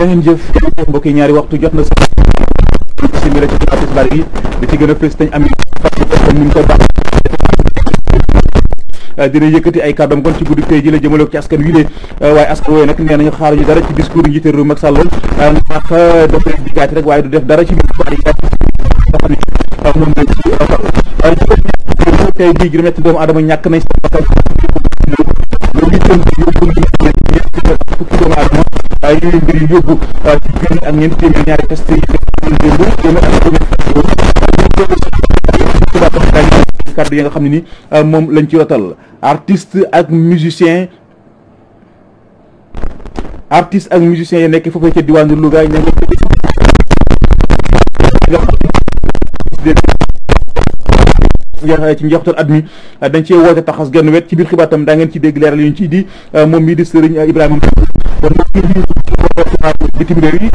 da ngeen jëf mbokk yi ñaari waxtu jot na sax simila ci xibaar yi li ci gën a fës tañ am comme ko baax euh, dina yëkkati ay kàddoom kon ci guddi tey ji la jëmale ko ci askan wi de euh, waaye askan wooyu nag nee nañu xaar ñu dara ci discours njiité réew Macky Sall euh, ndax dafay dikkaati rek waaye du def dara ci biir tey bii juróom-ñetti doomu aadama ñàkk nañ ba ngi tënk yóbbu ñu ne ñeent téeméer ak fukki doomu aadama yooyu yi ak ñeent téeméer ñaari test yi fekk démb téeméer yi nga xam ne ni moom lañ ci rotal artiste ak musicien ak musicien yi nekk foofee ca diwaanu Louga yor eh, ci njeextal at mi eh, dañ cee woote taxas genn wet ci biir xibaar tam daa ngeen ci dégg leeral yu ñu ci di eh, moom mii di sëriñ Ibrahima kon bitim réew yi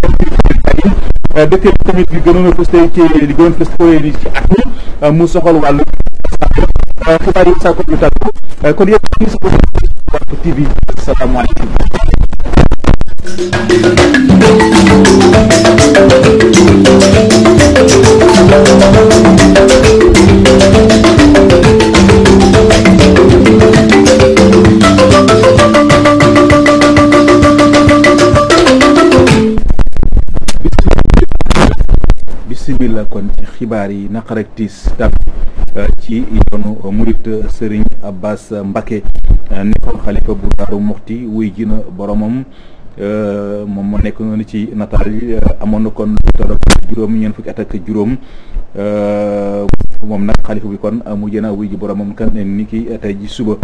dëkkee tamit li gënoon a fëstee ci li gënoon fëstee ci at mu soxal wàllu xibaar yi kon yéen ñu sa Walf TV salaamaaleykum Thank you. ubbi la kon ci xibaar yi naqar ak tiis tàpp euh, ci yoonu murit euh, sëriñ Abbas Mbacke euh, nekkoon xalifa bu Daaru Muxti wuy ji na boromam moom moo nekk noonu ci nataal yi amoon na kon lu tolloog juróom ñeent fukki at juróom moom nag xalifa bi kon mujj na wuy ji boromam kan ni ki tey ji suba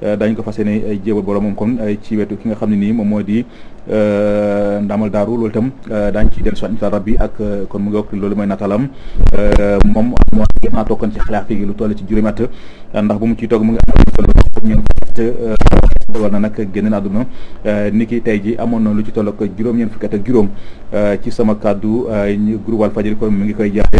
Euh, dañ ko fas yéene jébal boromam kon ci wetu ki nga xam ne nii moom moo di euh, ndamal daaru loolu itam euh, daañ ci den soit insha rabbi ak kon mu ngi wax loolu mooy nataalam moom moo naa tokkoon ci xilaafa gi lu toll ci juróomi ndax bu mu ciy toog mu ngi am na nag génn na àdduna nit ki tey ji amoon na lu ci toll ak juróom-ñeent fukki at ak juróom ci sama kàddu groupe Walfadjri kon mu ngi koy jaare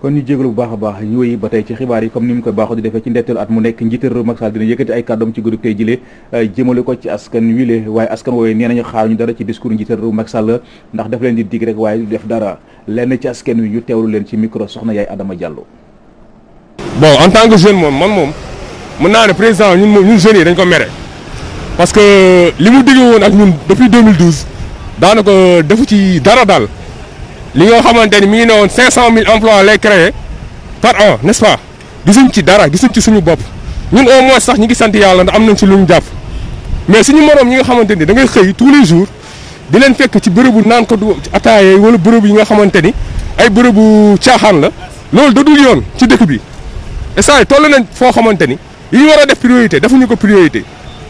kon ñu jégalu bu baax a baax ñu wéy ba tey ci xibaar yi comme ni mu koy baaxoo di defee ci ndetteelu at mu nekk njiital réew Macky Sall dina yëkkati ay kàddoom ci guddi tey jile euh, jëmale ko ci askan wile waaye askan wooye nee nañu xaar ñu dara ci discours njiital réew ndax daf leen di dig rek waaye def dara lenn ci askan wi ñu teewlu leen ci micro soxna yaay Adama Diallo. bon en tant que jeune moom man moom mën naa ne président ñun moom ñun jeunes yi dañ ko mere parce que euh, li mu diggee woon ak ñun depuis 2012 daanaka defu ci dara daal. li nga xamante ni mi ngi ne woon 500000 emplois lay créer par an n'est-ce pas gisuñ ci dara gisuñ ci suñu bopp ñun au moins sax ñu ngi sant yàlla ndax am nañ si lu ñu jàpp mais suñu moroom ñi nga xamante ni dangay ngay xëy tous les jours di leen fekk ci bërëbu naan ko du ataaya wala bërëbu yi nga xamante ni ay bërëbu caaxaan la loolu da dul yoon ci dëkk bi et ça toll nañ foo xamante ni yi ñu war a def priorité defuñu ko priorité.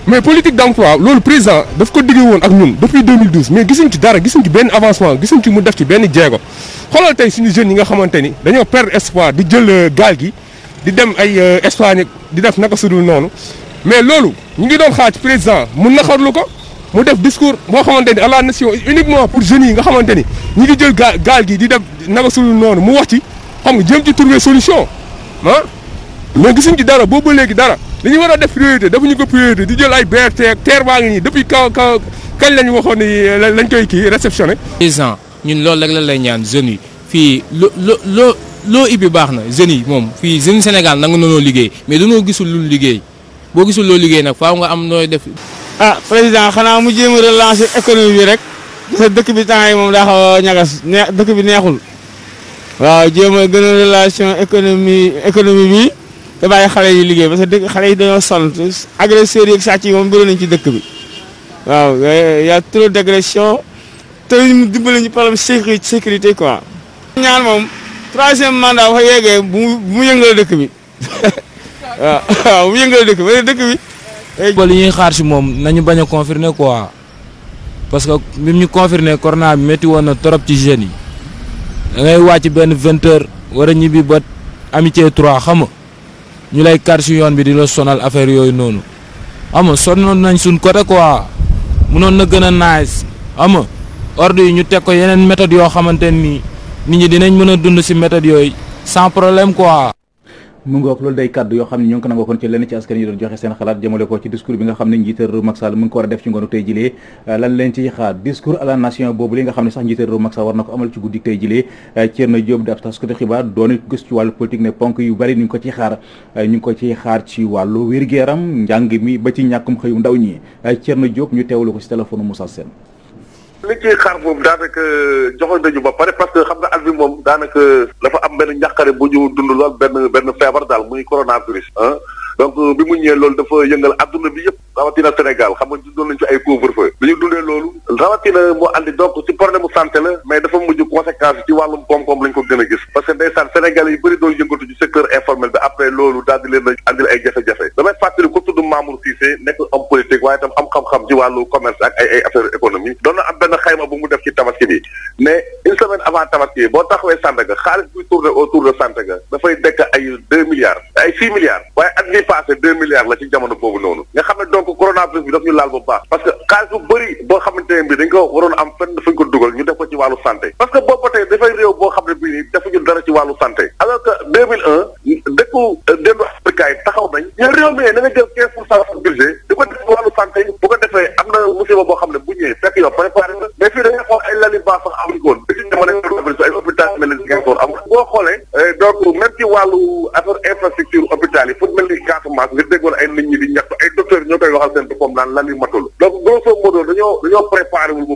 mais politique d'emploi loolu président daf ko diggee woon ak ñun depuis 2012 mais gisuñ ci dara gisuñ ci benn avancement gisuñ ci mu def ci benn jéego xoolal tey suñu jeunes yi nga xamante ni dañoo perdre espoir di jël euh, gaal gi di dem ay euh, Espagne di def naka sudul noonu mais loolu ñu ngi doon xaar ci président mu naxarlu ko mu def discours boo xamante ni à la nation uniquement pour jeunes yi nga xamante ni ñu ngi jël gaal gi di def naka sudul noonu mu wax ci xam nga jëm ci trouver solution ah mais gisuñ ci dara boobu léegi dara li ñu war a def priorité defuñu ko priorité di jël ay BRT teer TER baa ngi nii depuis kaw kaw kañ lañ waxoon ni lañ koy kii réceptionné. président ñun loolu rek la lay ñaan jeunes yi fii lo lo loo loo ibbi baax na jeunes yi moom fii jeunes Sénégal nangu na noo liggéey mais danoo gisul lu liggéey boo gisul loo liggéey nag faaw nga am nooy def. a ah président xanaa mu jéem a relancer économie rek dëkk bi temps moom daa xaw a dëkk bi neexul waaw jéem a gën a relation bi. te bàyyi xale yi liggéey parce que dëkk xale yi dañoo sonn agresseurs yeeg sàcc yi moom bëri nañ ci dëkk bi waaw y' a trop d' agression te ñu dimbali ñu problème sécurité quoi. ñaan moom troisième mandat wax yeggee bu mu bu mu yëngal dëkk bi waaw waaw bu mu yëngal dëkk bi dëkk bi. ba li ñuy xaar si moom nañu bañ a confirmer quoi parce que bi ñu confirmer corona bi métti woon na trop ci jeunes yi da ngay wàcc benn vingt heures war a ñibbi ba amitié trois xam nga ñu lay kar si yoon bi di la sonal affaire yooyu noonu xam son sonnoon nañ suñ côté quoi munoon na gën a nice ama nga yi ñu teg ko yeneen méthodes yoo xamante nii nit ñi dinañ mën a dund si méthodes yooyu sans problème quoi. mu ngoog loolu day kàddu yoo xam ne ñoo ngi ko nangoo kon ci lenn ci askan yi doon joxe seen xalaat jëmale ko ci discours bi nga xam ne njiital réew mu ngi ko war a def ci ngoonu tey jilee lan leen ciy xaar discours à nation boobu li nga xam ne sax njiital réew war na ko amal ci guddi tey jilee Thierno Diop di ab taskatu xibaar doon it ci wàllu politique ne ponk yu bari ñu ngi ko ciy xaar ñu ngi ko ciy xaar ci wàllu wér-gu-yaram njàng mi ba ci ñàkkum xëyu ndaw li ciy xaar moom daanaka euh, joxoon nañu ba pare parce que xam nga at bi moom daanaka dafa am benn njàqare bu ñu dund lool benn benn feebar daal muy coronavirus ah donc euh, bi mu ñëwee loolu dafa yëngal adduna bi yëpp rawatina Sénégal xam nga dundoon nañu ci ay couvre-feu bi ñu dundee loolu rawatina moo andi donc ci problème mu santé la mais dafa mujj conséquence ci wàllum koom-koom lañ ko gën a gis parce que ndeysaan Sénégal yi bëri doon yëngatu ci secteur informel bi après loolu daal di leen a andil ay jafe-jafe damay fàttali ko tudd Mamour Cissé nekk homme am xam-xam ci wàllu commerce mi doon na am benn xayma bu mu def ci tabaski bi mais une semaine avant tabaski bi boo taxawee Sandaga xaalis buy tourné autour de Sandaga dafay dekk ay deux milliards ay six milliards waaye at mi passé deux milliards la ci jamono boobu noonu nga xam ne donc coronavirus bi daf ñu laal bu baax parce que xaalis bu bëri boo xamante ne bi dañ ko waroon am fenn fu ñu ko dugal ñu def ko ci wàllu santé parce que boobu ba dafay réew boo xam ne bii nii liggéey fekk yow préparé nga mais fii da nga xool ay lali baax sax amuñu koon bisi dama ne hôpital ay hôpital mel ni Ziguinchor am boo eh, donc même wàllu infrastructure hôpital yi fu mel ni Casamance nga déggoon ay nit ñi di ñaxtu ay docteurs ñoo koy waxal seen boppam naan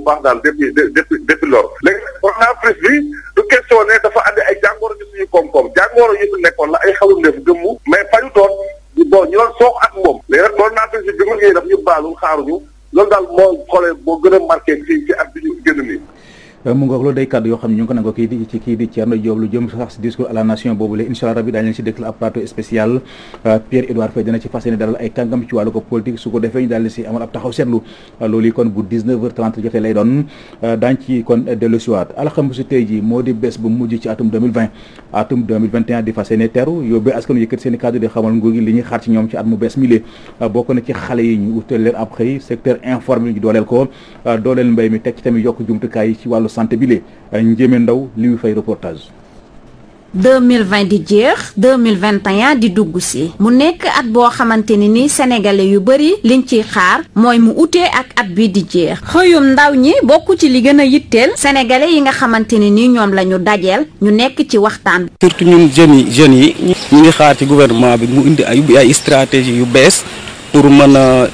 baax daal depuis depuis depuis lors léegi coronavirus bi du question dafa andi ay jàngoro ci suñu koom-koom jàngoro yi nekkoon la ay xalu gëmmu mais fañu toon bon ñu doon soox ak moom léegi nag coronavirus bi bi mu ñëwee daf ñu baalul xaaruñu loolu daal moo xoolee moo gën a marqué euh, mu ngoog loolu day kàddu yoo xam ne ñu ngi ko kii di ci kii di Thierno Diop lu jëm sax si discours à la nation boobu la incha allah rabi daañu leen si dëkkal ab plateau spécial euh, Pierre Édouard Faye dina ci fas yéene dalal ay kàngam ci wàllu ko politique su ko defee ñu daal si amal ab taxaw seetlu euh, loolu yi kon bu 19h30 jotee lay doon daañu ci kon dellu si waat alxames tey ji moo di bés bu mujj ci atum 2020 atum 2021 di fas yéene teru yóbbee askan yëkkat seen i kàddu di xamal nguur gi li ñuy xaar ci ñoom ci at mu bees mi ah, bokk na ci xale yi ñu utal leen ab xëy secteur informel ñu dooleel ko ah, dooleel mbay mi teg ci tamit yokk jumtukaay yi ci wàllu santé bile lee ah, ndaw li muy fay reportage 2020 di jeex 2021 di dugg si mu nekk at boo xamante ni ni sénégalais yu bëri liñ ciy xaar mooy mu utee ak at bi di jeex xëyum ndaw ñi bokk ci li gën a yitteel sénégalais yi nga xamante ne ni ñoom la ñu dajeel ñu nekk ci waxtaan surtout ñu jeunes yi jeunes yi ñu ngi xaar ci gouvernement bi mu indi ay ay stratégie yu bees pour mën a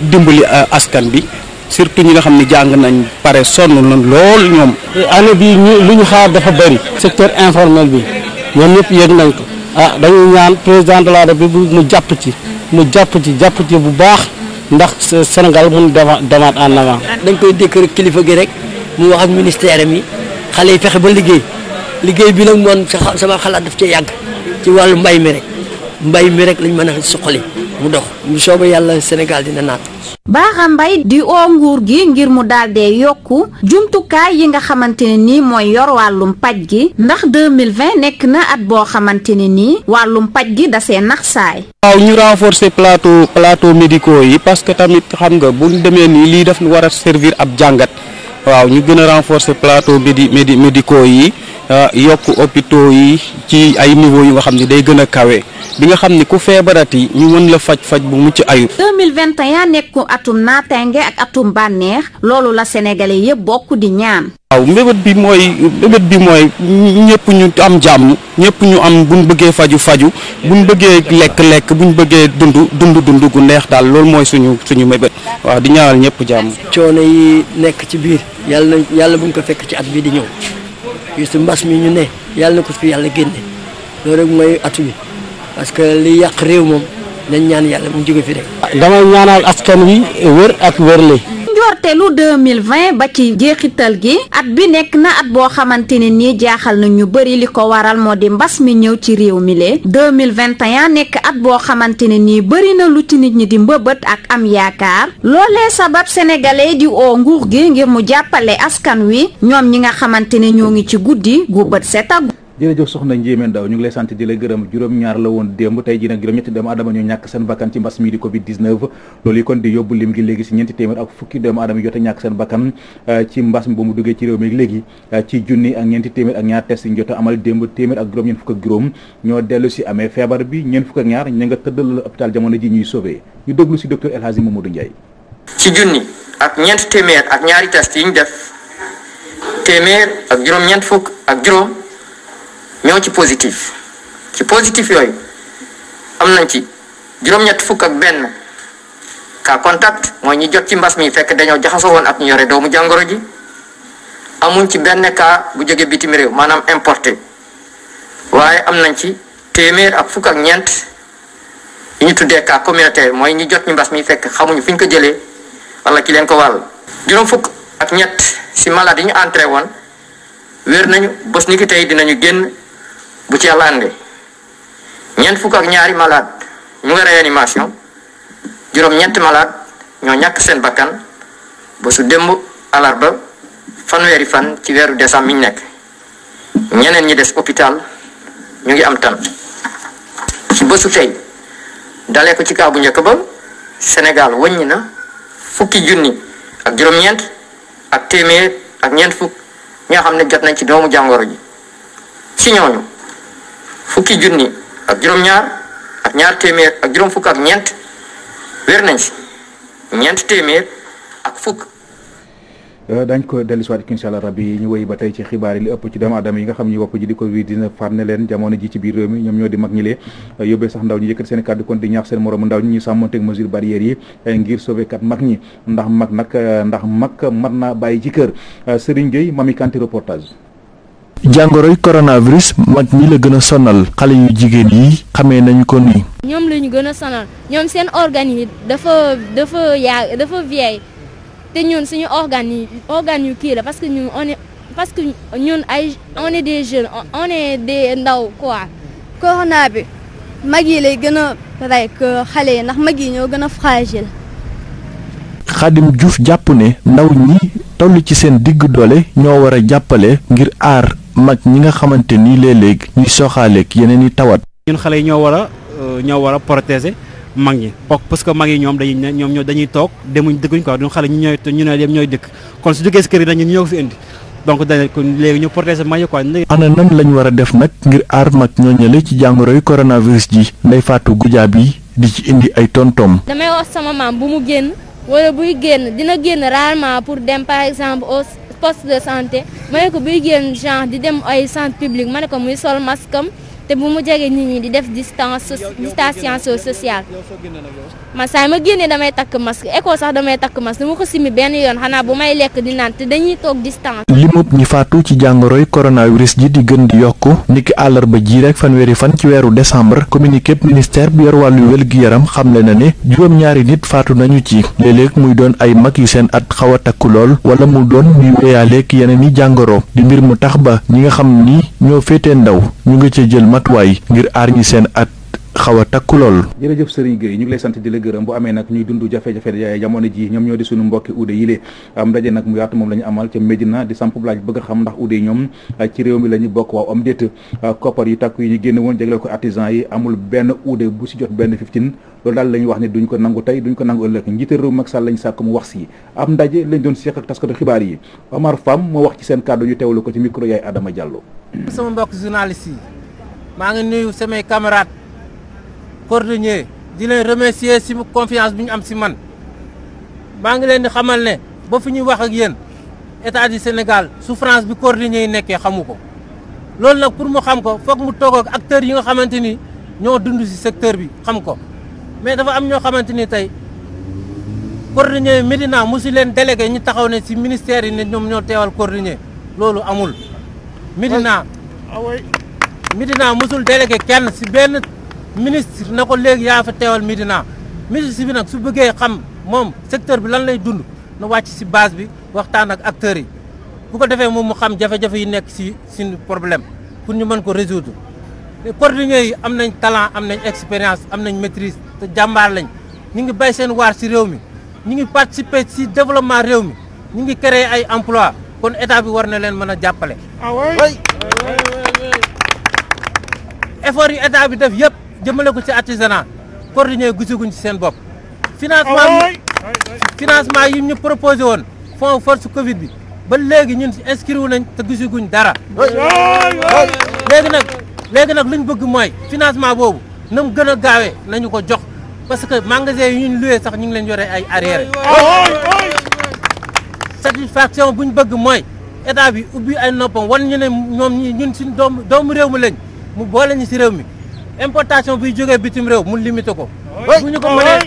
dimbali askan bi surtout ñi nga xam ne jàng nañ pare sonn nañ lool ñoom. année bii ñu lu ñu xaar dafa bëri. secteur informel bi ñoom ñëpp yëg nañ ko ah dañuy ñaan président de la république mu jàpp ci mu jàpp ci jàpp ci bu baax ndax Sénégal mun demaat en avant. dañ koy dékk rek kilifa gi rek mu wax ak ministère mi xale yi fexe ba liggéey liggéey bi nag moom sama xalaat daf cee yàgg ci wàllu mbay mi rek. mbay mi rek lañ mën a suqali mu dox mu yàlla Sénégal dina naat. Bara Mbaye di oo nguur gi ngir mu daal dee yokku jumtukaay yi nga xamante ne nii mooy yor wàllum paj gi ndax 2020 nekk na at boo xamante ne nii wàllum paj gi dasee nax saay. waaw ñu renforcer plateau plateau médicaux yi parce que tamit xam nga bu demee nii lii daf war a servir ab jàngat waaw ñu gën a renforcer plateau yi. Ah, yokk hôpitaux yi ci ay niveau yu nga xam ni day gën a kawe bi nga xam ne ku feebarati ñu mën la faj faj bu mucc ayib. 2021 nekku atum naataange ak atum bànneex loolu la sénégalais yëpp bokk di ñaan. waaw mbébét bi mooy mbébét bi mooy ñëpp ñu am jàmm ñëpp ñu am buñ bëggee faju faju buñ bëggee lekk lekk buñ bëggee dund dund dund gu neex daal loolu mooy suñu suñu mbébét waaw di ñaanal ñëpp jàmm. coono yi nekk ci biir yàlla na yàlla buñ ko fekk ci at bi di ñëw. juste mbas mi ñu ne yàlla na ko fi yàlla génne loolu rek mooy atu bi parce que li yàq réew moom nañ ñaan yàlla mu jóge fi rek. damay ñaanal askan wi wër ak wër la njorteelu 2020 ba ci jeexital gi at bi nekk na at boo xamante ne nii jaaxal na ñu bëri li ko waral moo di mbas mi ñëw ci réew mi le 2021 nekk at boo xamante ne nii bëri na lu ci nit ñi di mbëbët ak am yaakaar loolee sabab sénégalais di oo nguur gi ngir mu jàppale askan wi ñoom ñi nga xamante ne ñoo ngi ci guddi gu bët set ak jërëjëf soxna Ndiémé Ndaw ñu ngi lay sant di gërëm juróom-ñaar la woon démb tey jii ak a ñàkk seen bakkan euh, ci mbas mi ba mu duggee ci réew mi léegi euh, ci junni ak a amal démb téeméer ak juróom ñeent fukk ak ñeent téeméer ak ñaari test yi ñu def téeméer ak juróom ñeent fukk ak juróom ñoo ci positif ci positif yooyu am nañ ci juróom-ñett fukk ak benn cas contact mooy ñi jot ci mbas mi fekk dañoo jaxasoo woon ak ñu yore doomu jàngoro ji amuñ ci benn cas bu jóge bitim réew maanaam importé waaye am nañ ci téeméer ak fukk ak ñeent yi ñu tuddee cas communautaire mooy ñi jot ñu mbas mi fekk xamuñu fi ñu ko jëlee wala ki leen ko wàll. juróom fukk ak ñett si maladi ñu entré woon wér nañu bés ni ki tey génn. bu ci yàlla àndee ñeent fukk ak ñaari malade ñu nga réanimation juróom ñetti malade ñoo ñàkk seen bakkan ba su démb alarba fanweeri fan ci weeru décembre mi nekk ñeneen ñi des hôpital ñu ngi am tan ci bésu tey dalee ko ci kaw bu njëkk ba Sénégal wëññi na fukki junni ak juróom-ñeent ak téeméer ak ñeent fukk ñi xam ne jot nañ ci doomu jàngoro ji ci ñooñu fukki junni ak juróom-ñaar ak ñaar téeméer ak juróom fukk ak ñeent wér nañ si ñeent téeméer ak fukk. Euh, dañ ko dellu siwaat incha allah ñu wéy ba tey ci xibaar yi li ëpp ci doomu aadama yi nga xam ñi wopp ji di wii dina farne leen jamono ji ci biir réew mi ñoom ñoo di mag ñi lee euh, yóbbee sax ndaw ñi yëkkati seen kàddu kon di ñaax seen moromu ndaw ñi ñu sàmmonteeg mesure barrières yi euh, ngir sauver kat mag ñi ndax mag nag ndax mag mat naa bàyyi ci kër Serigne Gueye Mami Kanté jàngoroy coronavirus mag ñi la gën a sonal xale yu jigéen yi xamee nañu ko nii. ñoom la ñu gën a sonal ñoom seen organes yi dafa dafa yaa dafa vieille te ñoon suñu organes yi organes yu kii la parce que ñun on parce que ñun ay on est des jeunes on est ndaw quoi. corona bi mag yi lay gën a rey xale yi ndax mag yi ñoo gën a fragile. Xadim Diouf jàpp ne ndaw ñi toll ci seen diggu doole ñoo war a jàppale ngir aar. mag ñi nga xamante ni léeg-léeg ñuy soxaaleeg yeneen i tawat. ñun xale yi ñoo war a euh, ñoo war a protéger mag ñi parce que mag yi ñoom dañuy ñoom ñoo dañuy toog demuñ dëkkuñ quoi duñ xale ñu ñooy ñu ne dem ñooy dëkk kon su jógee si kër yi nag ñun ñoo ko fi indi donc dañ ko léegi ñu protéger mag yi quoi. ana nan lañ war a def nag ngir aar mag ñooñale ci jàngoroy coronavirus ji Ndeye Fatou Goudiaby bi di ci indi ay tontom. poste de santé ma ne ko buy génn genre di dem ay centre public ma ne ko muy sol masque te bu mu jege nit ñi di def distance distanciation sociale man saa ma génnee damay takk masque école sax damay takk masque dama ko simi benn yoon xanaa bu may lekk di naan te dañuy toog distance. limub ñi faatu ci jàngoroy coronavirus ji di gën di yokk niki àllarba ji rek fanweeri fan ci weeru décembre communiqué ministère bi yor wàllu wér-gu-yaram xamle na ne juróom-ñaari nit faatu nañu ci léeg muy doon ay mag yu seen at xaw a takku lool wala mu doon muy yeneen i jàngoro mbir mu tax ba ñi nga xam ni ñoo féetee matuwaay ngir aar ñi seen at xaw a takku lool. jërëjëf Serigne Gueye ñu ngi sant di la gërëm bu amee nag ñuy dund jafe-jafe jamono ji ñoom ñoo di suñu mbokki uude yi lee am ndaje nag mu yaatu moom la amal ca Médina di samp laaj bëgg a xam ndax uude yi ñoom ci réew mi la bokk waaw am déet ah, koppar yu takku yi ñu génn woon jagleel ko artisan yi amul benn uude bu si jot benn fiftin loolu daal la ñuy wax ne duñ ko nangu tey duñ ko nangu ëllëg njiital réew Macky Sall lañ sàkk mu wax si am ndaje lañ doon seq ak taskatu xibaar yi Omar Fam moo wax ci seen kàddu ñu teewlu ko ci micro yaay Adama Diallo sama maa ngi nuyu samay camarades cordonniers di leen remercier si confiance bi ñu am si man maa ngi leen di xamal ne ba fu ñuy wax ak yéen état du Sénégal souffrance bi cordonniers yi nekkee xamu ko loolu nag pour mu xam ko foog mu toog ak acteurs yi nga xamante ni ñoo dund si secteur bi xam ko mais dafa am ñoo xamante ni tey cordonniers yi mu si leen délégué ñu taxaw ne si ministère yi ne ñoom ñoo teewal cordonniers loolu amul Médina ah Médina mosul délégué kenn si benn ministre na ko léegi yaa fa teewal Médina ministre bi nag su bëggee xam moom secteur bi lan lay dund na wàcc si base bi waxtaan ak acteurs yi bu ko defee moom mu xam jafe-jafe yi nekk si suñu problème pour ñu mën ko résoudre les cordonniers yi am nañ talent am nañ expérience am nañ maîtrise te jàmbaar lañ ñu ngi bay seen waar si réew mi ñu ngi participer si développement réew mi ñu ngi créer ay emploi kon état bi war na leen mën a jàppale. Ah effort yi état bi def yëpp jëmale ko ci artisanat coordonné gisaguñ ci seen bopp. financement financement yi ñu proposé woon fonds force Covid bi ba léegi ñun inscrit wu nañ te gisaguñ dara. léegi nag léegi nag luñ bëgg mooy financement boobu na mu gën a gaawee nañu ko jox parce que magasin yi ñu loué sax ñu ngi leen yore ay arrière. satisfaction bu ñu bëgg mooy état bi ubbi ay noppam wan ñu ne ñun suñu doomu doomu réew mi lañ. mu boole ñu si réew mi importation buy jógee bitim réew mun limité ko. bu ñu ko mënee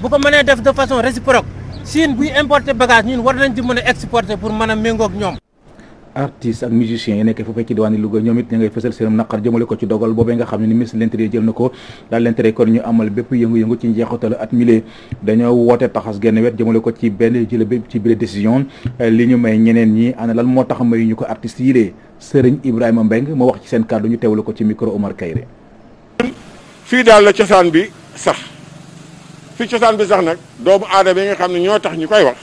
bu ko mënee def de façon réciproque Chine buy importer bagage ñun war nañ di mën a exporter pour mën a méngóog ñoom. artistes ak musiciens yi nekk foofee ci diwaani Louga ñoom it ña ngay fësal seen naqar jëmale ko ci dogal boobee nga xam ne ni ministre de l'intérieur jël na ko daal l'intérêt kon ñu amal bépp yëngu-yëngu ci njeexatal at milee dañoo woote taxas genn wet jëmale ko ci benn jële bépp ci bile décision li ñu may ñeneen ñi ana lan moo tax may ñu ko artistes yi lee Sëriñ Ibrahima Mbeng moo wax ci seen kàddu ñu teewlu ko ci micro Omar Kayre fii daal la cosaan bi sax fii cosaan bi sax nag doomu aadama yi nga ñoo tax ñu koy wax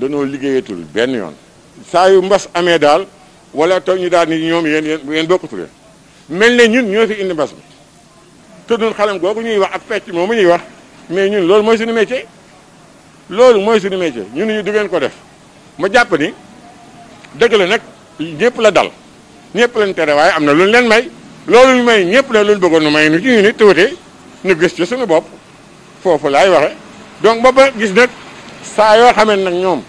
dañoo liggéeyatul benn yoon saa yu mbas amee daal wala taw ñu daal ni ñoom yéen yéen yéen bokkatu leen mel ne ñun ñoo fi indi mbas mi te ñun googu ñuy wax ak fecc mu ñuy wax mais ñun loolu mooy suñu métier loolu mooy suñu métier ñun ñu du ngeen ko def ma jàpp ni dëgg la nag ñëpp la dal ñëpp lañ tere waaye am na lu leen may loolu ñu may ñëpp la lu bëggoon nu may nu ci ñu ni tuuti nu gis ci suñu bopp foofu laay waxe donc ba gis nag saa yoo xamee nag ñoom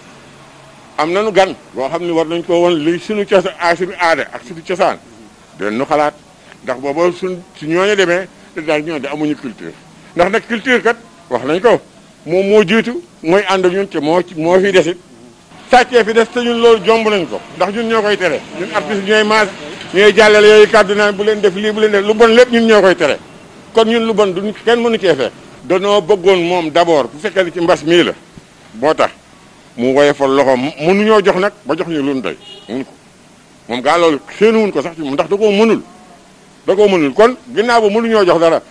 am na nañu gan boo xam ne war nañ koo woon luy suñu cosaan ah, suñu aada ak suñu cosaan doon nu xalaat ndax booba suñ su ñooñu demee da daal ñoo de amuñu culture ndax nag culture kat wax nañ ko moom moo jiitu mooy ànd ak ñun te moo moo fi desit sàccee fi des te ñun loolu jomb nañ ko ndax ñun ñoo koy tere ñun artiste ñooy maas ñooy jàllale yooyu kàddu bu leen def lii bu leen def lu bon lépp ñun ñoo koy tere kon ñun lu bon duñ kenn mënu cee fekk danoo bëggoon moom d'abord bu fekkee ne ci mbas mii la moo tax mu woyofal loxoom ñoo jox nag ba jox ñu lu doy mënu ko moom gaa loolu xéenuwuñ ko sax ci moom ndax da koo mënul da koo mënul kon ginnaaw ba mënuñoo jox dara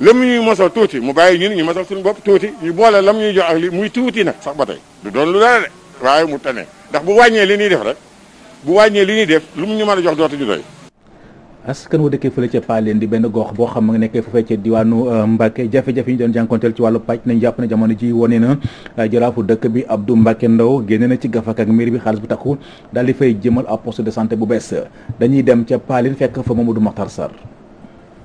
lam ñuy mosal tuuti mu bàyyi ñun ñu mosal suñu bopp tuuti ñu boole lam ñuy jox ak li muy tuuti nag sax ba tey du doon lu dara de waaye mu tane ndax bu wàññee li ñuy def rek bu wàññee li ñuy def lu mu ñu mën a jox dootuñu doy askan wa dëkkee fële ca Paaleen di benn gox boo xam nga nekkee foofee ca diwaanu euh, Mbacke jafe-jafe ñu doon jànkonteel ci wàllu pàcc nañ jàpp ne jamono ji wane na euh, jaraafu dëkk bi Abdou Mbacke Ndaw génne na ci gafak ak bi xaalis bu takku daal di fay jëmal ab de santé bu bees dañuy dem ca Paaleen fekk fa Mamadou Makhtar Sarr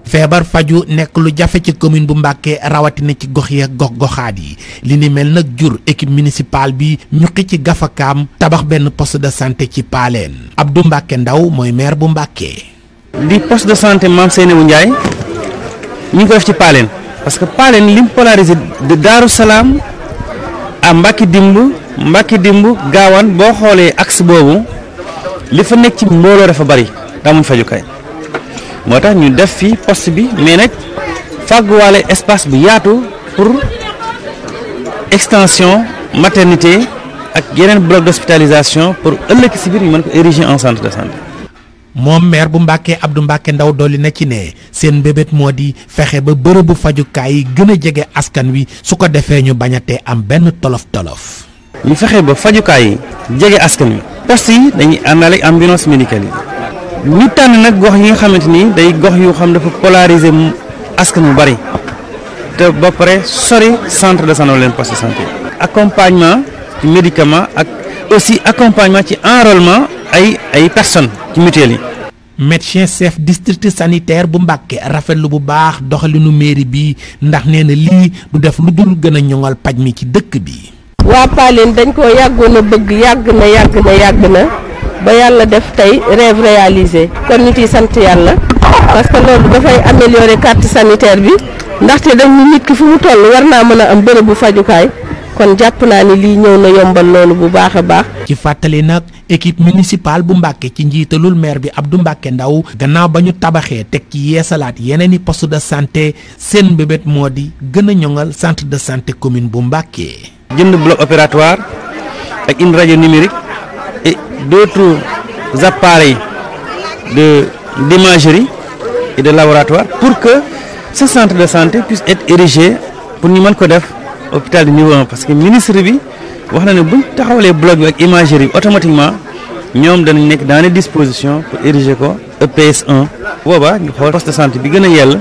feebar faju nekk lu jafe ci commune bu Mbàkke rawatina ci gox ya gox goxaat yi li ni mel nag jur équipe municipale bi ñu ci gafakaam tabax benn poste de santé ci paaleen Abdou Mbàkke Ndaw mooy maire bu Mbàkke di poste de santé Mame Seynabou Ndiaye ñu ngi ko def ci Paleen parce que Paleen lim polarisé de Daaru Salaam à Mbacke Dimb Mbacke Dimb Gaawaan boo xoolee axe boobu li fa nekk ci mbooloo dafa bari daa mun fajukaay moo tax ñu def fi poste bi mais nag fàgguwaale espace bu yaatu pour extension maternité ak yeneen bloc d'hospitalisation pour ëllëg si biir ñu mën ko ériger en centre de santé moom maire bu ab Abdou Mbàkke Ndaw dolli na ci ne seen mbébét moo di fexe ba bërëbu fajukaay yi gën a jege askan wi su ko defee ñu bañatee am benn tolof-tolof ñu fexe ba fajukaay yi jege askan wi poste yi dañuy àndale ambulance médicale yi ñu tànn nag gox yi nga xamante ni day gox yu xam dafa polariser askan wu bari te ba pare sori centre de santé leen poste santé accompagnement ci médicament ak aussi accompagnement ci enrôlement ay ay personnes ci mutuelle yi. médecin chef district sanitaire bu Mbàkke rafetlu bu baax doxalinu mairie bi ndax nee na lii du def lu dul gën a ñoŋal paj mi ci dëkk bi. waa Paline dañ ko yàggoon a bëgg yàgg na yàgg na yàgg na ba yàlla def tey rêve réaliser kon ñu ciy sant yàlla parce que loolu dafay améliorer carte sanitaire bi ndax ndaxte dañ nit ki fu mu toll war naa mën a am bu fajukaay. kon jàpp naa ni lii ñëw na yombal loolu bu baax a baax. ci fàttali nag équipe municipale bu Mbàkke ci njiitalul maire bi ab Abdou Mbàkke Ndaw gannaaw ba ñu tabaxee teg ci yeesalaat yeneen i poste de santé seen mbébét moo di gën a ñoŋal centre de santé commune bu Mbàkke. jënd bloc opératoire ak une radio numérique et d'autres appareils de d'imagerie et de laboratoire pour que ce centre de santé puisse être érigé pour ñu mën ko def. hôpital de niveau 1 parce que ministre bi wax na ne buñ taxawalee bloc bi ak imagerie bi automatiquement ñoom danañ nekk dans les dispositions pour ériger ko EPS 1 boobaa ñu xool poste de santé bi gën a yell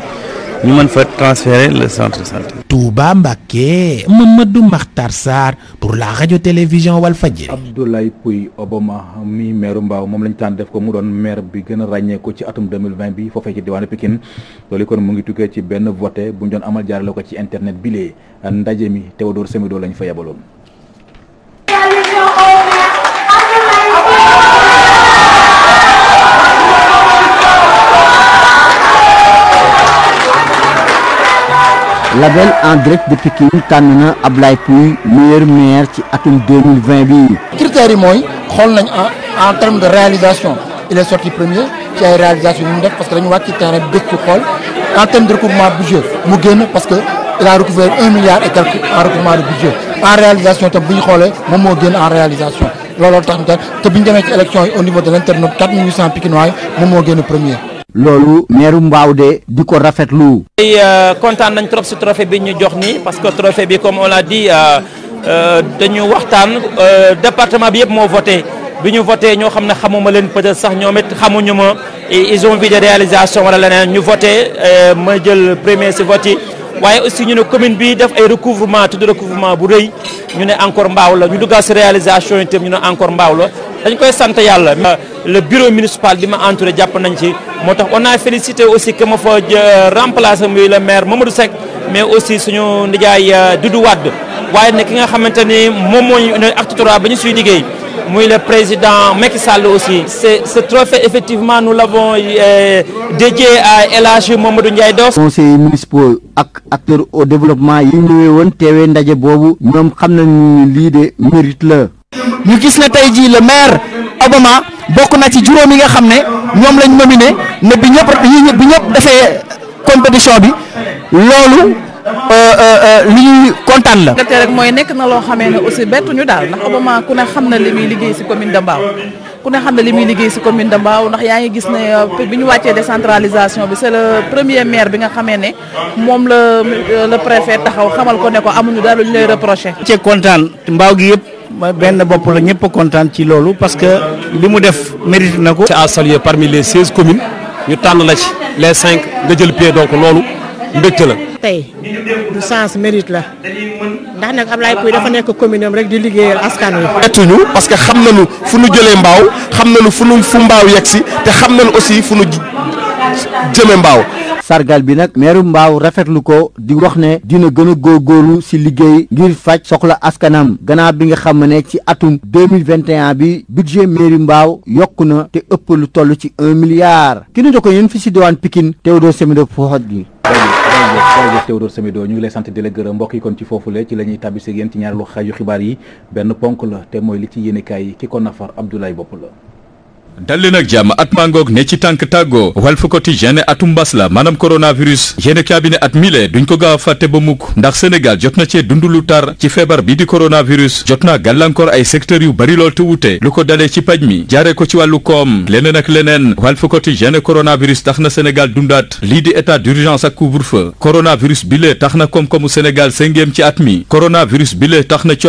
ñu man fa transférer le centre de santé Touba Mbacké Mamadou Makhtar Sarr pour la radio télévision Walfadjri Abdoulaye Pouy Obama mi meeru Mbaaw moom lañ taan def ko mu doon maire bi gën a ràññeeku ci atum 2020 bi foofee ci diwaanu Pikine loolu kon mu ngi tukkee ci benn vote bu ñu doon amal jaarale ko ci internet bi lee ndaje mi Théodore Semedo lañu fa yabaloon label en direct de Pikine tànn na Ablaye Pouy meilleur maire ci atum 2020 bii. critères yi mooy xool nañ en en terme de réalisation il est sorti premier ci ay réalisation yu mu def parce que dañu wàcc ci terrain bi dëkk xool en terme de recouvrement budget mu génn parce que il a recouvert un milliard et quelque en réalisation tam bu ñu xoolee moom moo génn en réalisation looloo tax ñu te bi demee ci élection yi au niveau de l' internaute moom moo génn premier. loolu meeru mbaaw de di ko rafetlu. tey euh, kontaan nañ trop si trophée bi ñu jox nii parce que trophée bi comme on l'a dit euh, euh, dañu waxtaan département bi yëpp moo voté bi ñu voté ñoo xam ne xamuma leen peut-être sax ñoom it xamuñu ma ils ont vu des wala leneen ñu voté ma jël premier si vote yi. waaye aussi ñu ne commune bi def ay recouvrement tudd recouvrement bu rëy ñu ne encore mbaaw la ñu duggaat si réalisation itam ñu ne encore mbaaw la dañ koy sant yàlla le bureau municipal bi ma entre jàpp nañ ci moo tax on naa félicité aussi que ma fa remplacé muy le maire Mamadou Seck mais aussi suñu ndijaay euh, Doudou Wade waaye ne ki nga xamante ni moom moo ñu acte trois ba ñu suy liggéey muy le président Macky Sall aussi. Ce trophée, effectivement, nu nous l'avons euh, dédié à LH Mamadou Ndiaye Doss. conseillers municipaux ak acteur au développement yi ñëwee woon teewee ndaje boobu ñoom xam nañu lii de mérite la. ñu gis na tey jii le maire Obama bokk na ci juróom yi nga xam ne ñoom lañ nominé ne bi ñëpp bi ñëpp defee compétition bi loolu. Euh, euh, euh, li ñuy kontaan la. rek mooy nekk na loo xamee ne aussi bettuñu daal ndax Obama ku ne xam na li muy liggéey si commune de Mbao ku xam na li muy liggéey si commune de Mbao ndax yaa ngi gis ne bi ñu wàccee décentralisation bi c'est le premier maire bi nga xamee ne moom la le préfet taxaw xamal ko ne ko amuñu daal lu ñu lay reproché. cee kontaan mbaaw gi yëpp benn bopp la ñëpp kontaan ci loolu parce que li mu def mérite na ko. c'est à saluer parmi les seize commune ñu tànn la ci les cinq nga jël pied donc loolu. mbégte la. tey du sens mérite la ndax nag Ablaye Pouye dafa nekk commune am rek di liggéeyal askan wi. bettuñu parce que xam nañu fu nu jëlee mbaaw xam nañu fu nu fu mbaaw yegg te xam nañu aussi fu nu jëme mbaaw. sargal bi nag meeru mbaaw rafetlu ko di wax ne dina gën a góorgóorlu ci liggéey ngir faj soxla askanam ganaar bi nga xam ne ci atum 2021 bi budget meeri mbaaw yokk na te ëpp lu toll ci un milliard ki na ko yéen fi ci pikin Pikine Théodore Semedo Fouad bi jërëjëf jërëjëf Théodore Semedo ñu ngi lay sant di la gërëm mbokk yi kon ci foofule ci la ñuy tàbbisi ak yéen ci ñaareelu xaaju xibaar yi benn ponk la te mooy li ci yéenekaay yi ki ko nafar Abdoulaye Bopp la dal leen ak jàmm at mangoog ne ci tànk tàggoo wal Quotidien ne atum mbas la maanaam coronavirus yéen cabinet at mile duñ ko gaaw a fàtte ba mukk ndax Sénégal jot na cee dund lu tar ci feebar bi di coronavirus jot naa gàllankoor ay secteurs yu bari lool te wute lu ko dalee ci paj mi jaaree ko ci wàllu koom leneen ak leneen Walf Quotidien ne coronavirus tax na Sénégal dundaat lii di état d'urgence ak couvre-feu coronavirus bile tax na koom-koomu Sénégal sëngéem ci at mi coronavirus bile tax na ci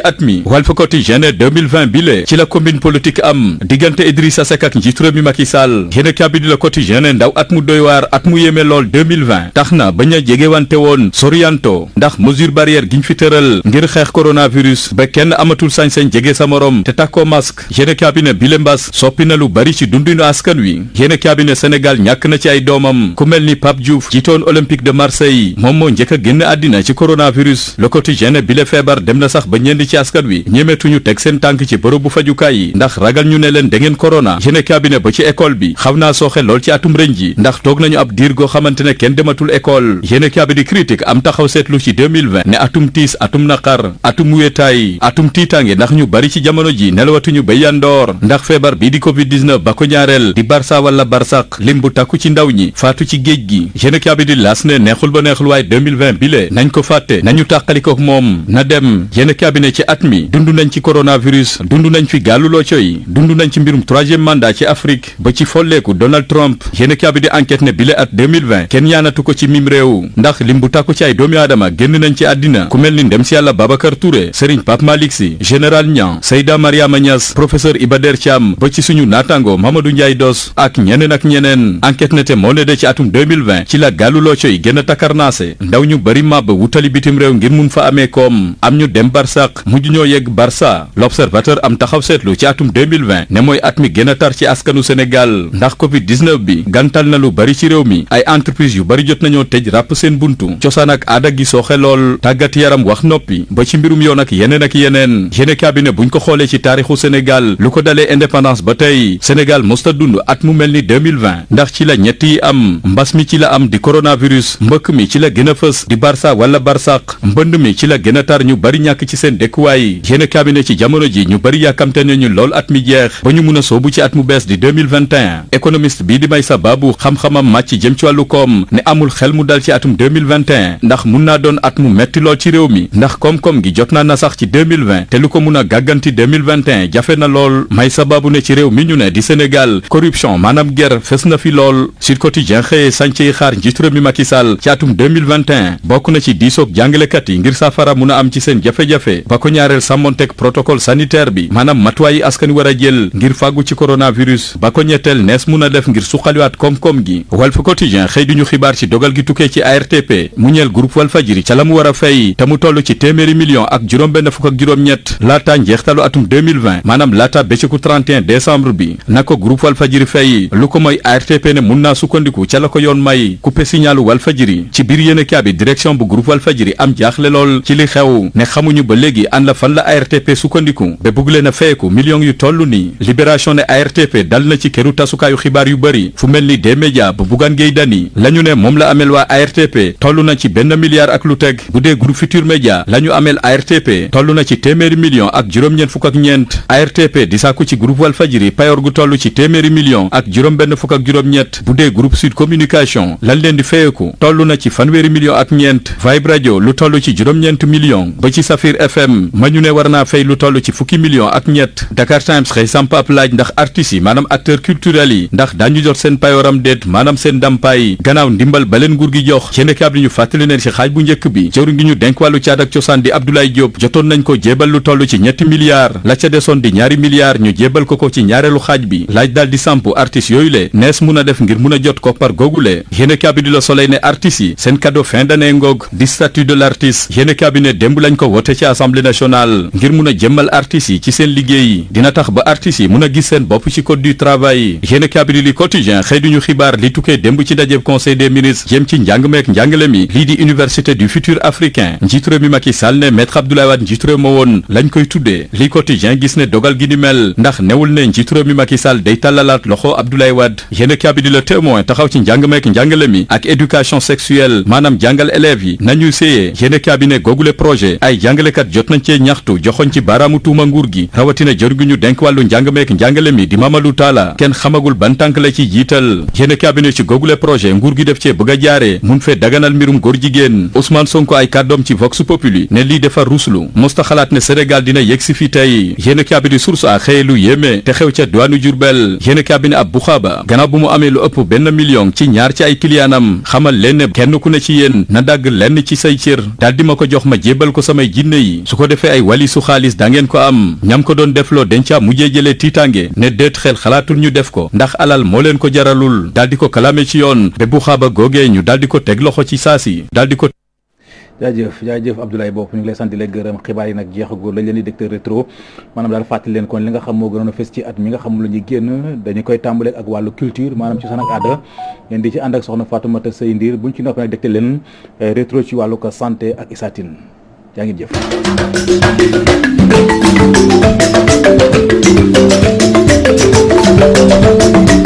at mi Walf Quotidien ne 2020 njëkk am diggante Idrissa Seck ak njiitu réew mi Macky Sall yéen a kabbidi Le Quotidien ne ndaw at mu doy waar at mu yéeme lool 2020 tax na bañ a jegewante woon sorianto ndax mesure barrière gi ñu fi tëral ngir xeex coronavirus ba kenn amatul sañ-sañ jege sa moroom te takkoo masque yéen a kabbine bile mbas soppi na lu bari ci dundinu askan wi yéen kaabine kabbine Sénégal ñàkk na ci ay doomam ku mel ni Pape Diouf jiitoon Olympique de Marseille moom moo njëkk génn àddina ci coronavirus Le Quotidien ne bile feebar dem na ba ñeenti ci askan wi ñemetuñu teg seen ci bërëbu fajukaay yi ragal ñu ne leen da ngeen corona yéene cabinet ba ci école bi xaw naa sooxe lool ci atum rëñ ji ndax toog nañu ab diir goo xamante ne kenn dematul école yéene cabinet critique am taxaw seetlu ci 2020 ne atum tiis atum naqar atum wéetaay atum tiitaange ndax ñu bari ci jamono ji nelawatuñu ba yandoor ndax feebar bii di covid 19 ba ko ñaareel di barça wala barsaq lim bu tàkku ci ndaw ñi faatu ci géej gi yéene cabinet laas ne neexul ba neexul waaye 2020 bi le nañ ko fàtte nañu tàqalikook moom na dem yéene cabinet ci at mi dund nañ ci coronavirus dund nañ fi gàlluloo coy yi dund nañ ci mbirum troisième mandat ci Afrique ba ci folleeku Donald Trump yéen a bi di enquête ne bile at 2020 kenn yaanatu ko ci mim réew ndax lim bu tàkku ci ay doomi aadama génn nañ ci àddina ku mel ni ndem si yàlla Babacar Touré Serigne Pape Malick Sy général Niang Seyda Mariama Niass professeur Iba Der Thiam ba ci suñu naataango Mamadou Ndiaye Dos ak ñeneen ak ñeneen enquête ne te moo ci atum ci la gaalu looco yi a takarnaase ndaw ñu bari màbb wutali bitim 2020 ne mooy at mi gën a tar ci askanu Sénégal ndax Covid 19 bi gantal na lu bari ci réew mi ay entreprise yu bari jot nañoo tëj ràpp seen buntu cosaan ak aada gi sooxe lool tàggat yaram wax noppi ba ci mbirum yoon ak yeneen ak yeneen yéene cabinet buñ ko xoolee ci taarixu Sénégal lu ko dalee indépendance ba tey Sénégal mosta dund at mu mel ni 2020 ndax ci la ñett yi am mbas mi ci la am di coronavirus mbëkk mi ci la gën a fës di barça wala barsaq mbënn mi ci la gën a ñu bari ñàkk ci seen dëkkuwaay yéene cabinet ci jamono ji ñu bari mi jeex ba ñu mun a soobu ci at mu bees di 2021 économiste bii di may sa baabu xam-xamam màcc jëm ci wàllu koom ne amul xel mu dal ci atum ndax mun naa doon at mu metti lool ci réew mi ndax koom-koom gi jot naa na sax ci 2020 te lu ko mun a gàgganti 2021 jafe na lool may sa baabu ne ci réew mi ñu ne di Sénégal corruption maanaam guerre fes na fi lool Sud Quotidien xëyee sànce yi xaar njiitu réew mi Macky Sall ci atum 2021 bokk na ci diisoog jàngalekat yi ngir saafara mun a am ci seen jafe-jafe ba ko ñaareel sàmmonteeg protocole sanitaire bi war a jël ngir fàggu ci coronavirus ba ko ñetteel nees mun a def ngir suqaliwaat koom-koom gi Walf Quotidien xëy duñu xibaar ci dogal gi tukkee ci ARTP mu ñeel groupe Walfadjri ca la mu war a yi te mu toll ci téeméeri million ak juróom-benn fukk ak juróom-ñett laata njeextalu atum maanaam laata bëccëgu 31 décembre bi na ko groupe Walfadjri fay lu ko mooy ARTP ne mun naa sukkandiku ca la ko yoon may coupé signalu Walfadjri ci biir yéen bi direction bu groupe Walfadjri am jaaxle ba léegi an la fan la ARTP sukkandiku a toll nii libération ne ARTP dal na ci këru tasukaayu xibaar yu bëri fu mel ni D-Media bu Bougane Gueye Dany la ñu ne moom la amel waa ARTP toll na ci benn milliard ak lu teg bu dee groupe Futur Média la ñu amel ARTP toll na ci téeméeri million ak juróom-ñeent fukk ak ñeent ARTP di sàkku ci groupe Walfadjri payoor gu toll ci téeméeri million ak juróom-benn fukk ak juróom-ñett bu dee groupe Sud Communication lan leen di feyeku tollu na ci fanweeri million ak ñeent Vibe Radio lu toll ci juróom-ñeent million ba ci Safir FM ma ñu ne war naa fay lu toll ci fukki million ak ñett times xëy sampaab laaj ndax artistes yi maanaam acteur culturel yi ndax daañu jot seen payoram déet maanaam seen ndàmpaay gannaaw ndimbal ba nguur gi jox yéenekaay bi ci xaaj bu njëkk bi jotoon nañ ko jébal lu toll ci ñetti milliards la ca desoon di ñaari milliards ñu jébal ko ko ci ñaareelu xaaj bi laaj daal samp artistes yooyu le nees mun a def ngir mun a jot koppar googule yéenekaay bi di la ne artistes yi seen cadeau fin d'année ngoog di statut de l'artiste baax ba artistes yi mun a gis seen bopp ci code du travail yi yéena kaabili li quotidien xëy duñu xibaar li tukkee démb ci dajeb conseil des ministres jëm ci njàng meek njàngale mi lii di université du futur africain njiitu réew mi Macky Sall ne maître Abdoulaye Wade njiitu réew ma woon lañ koy tuddee li quotidien gis ne dogal gi ni mel ndax newul ne mi Macky Sall day tàllalaat loxo Abdoulaye Wade yéena kaabili le témoin taxaw ci njàng meek njàngale mi ak éducation sexuelle maanaam jàngal élèves yi nañu séyee yéena kaabine googule projet ay jot nañ cee ñaxtu joxoñ ci baaraamu tuuma nguur gi dénk wàllu njàng meek njàngale mi di Mamadou Talla kenn xamagul ban tànk la ci jiital yéene cabinet ci googule projet nguur gi def cee bëgg a jaare mun fee daganal mbirum góor jigéen Ousmane Sonko ay kàddoom ci Vox Populi ne lii defar ruslu mosta xalaat ne Sénégal dina yegg si fi tey yéene cabinet source a xëye lu yéeme te xew ca duwaanu Jurbel yéene cabinet ab buxaaba gannaaw bu mu amee lu ëpp benn million ci ñaar ci ay kiliyaanam xamal leen kenn ku ne di ma ma jébal ko samay jinne yi su ko defee ay wali su xaalis da ngeen ko mujjee jëlee tiitaange ne déet xel xalaatul ñu def ko ndax alal moo leen ko jaralul daal di ko kalame ci yoon ba bu xaaba googee ñu daal di ko teg loxo ci saasi daal di ko jaajëf jaajëf Abdoulaye Bopp ñu ngi lay sant di la gërëm xibaar yi nag jeexagul lañ leen di dégte rétro maanaam daal fàttali leen kon li nga xam moo gënoon a fes ci at mi nga xam la ñuy génn dañu koy tàmbaleeg ak wàllu culture maanaam cosaan ak aada ngeen di ci ànd ak soxna Fatoumata Seye Ndir buñ ci noppee nag dégte leen eh, rétro ci wàllu ko santé ak Issa yaa ngi jëf